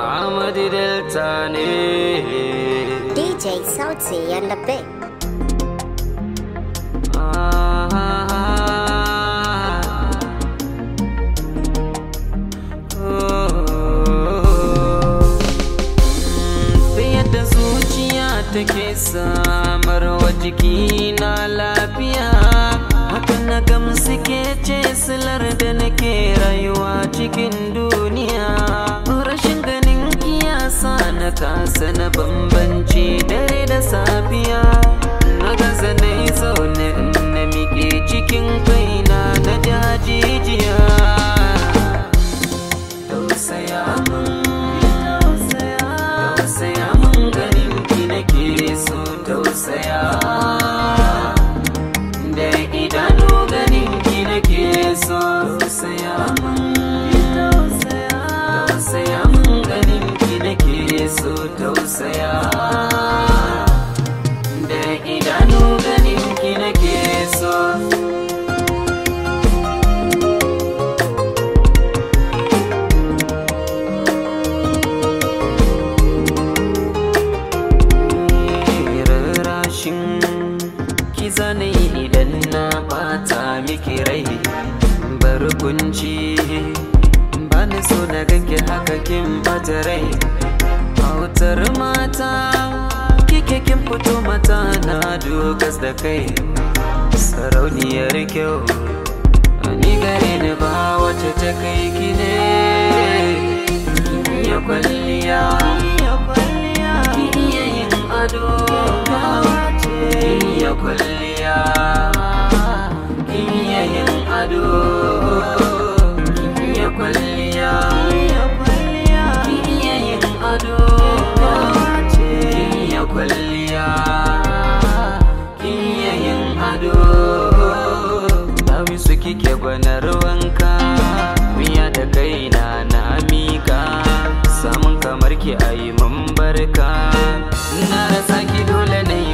Ahmadi Delta ne DJ Sauti and the Big take samar wa na lafiya hakan na gamsu ke silar sana bambanci dare da safiya na gaza na yi zaune na miƙe cikin kaina na jajijiya tausaya min tausaya so tausaya da ki so tausaya tausaya su tausaya da idanu ganin ki nake so rarashin ki zane idan na bata miki rai barkunci ba ni so na ganke haka kin bata rai matar mata kike kin fito mata na dogas da kai sarauniyar kyau ni gare ni ba wacce ta kai ki ne ya kwalliya ka na ki dole ne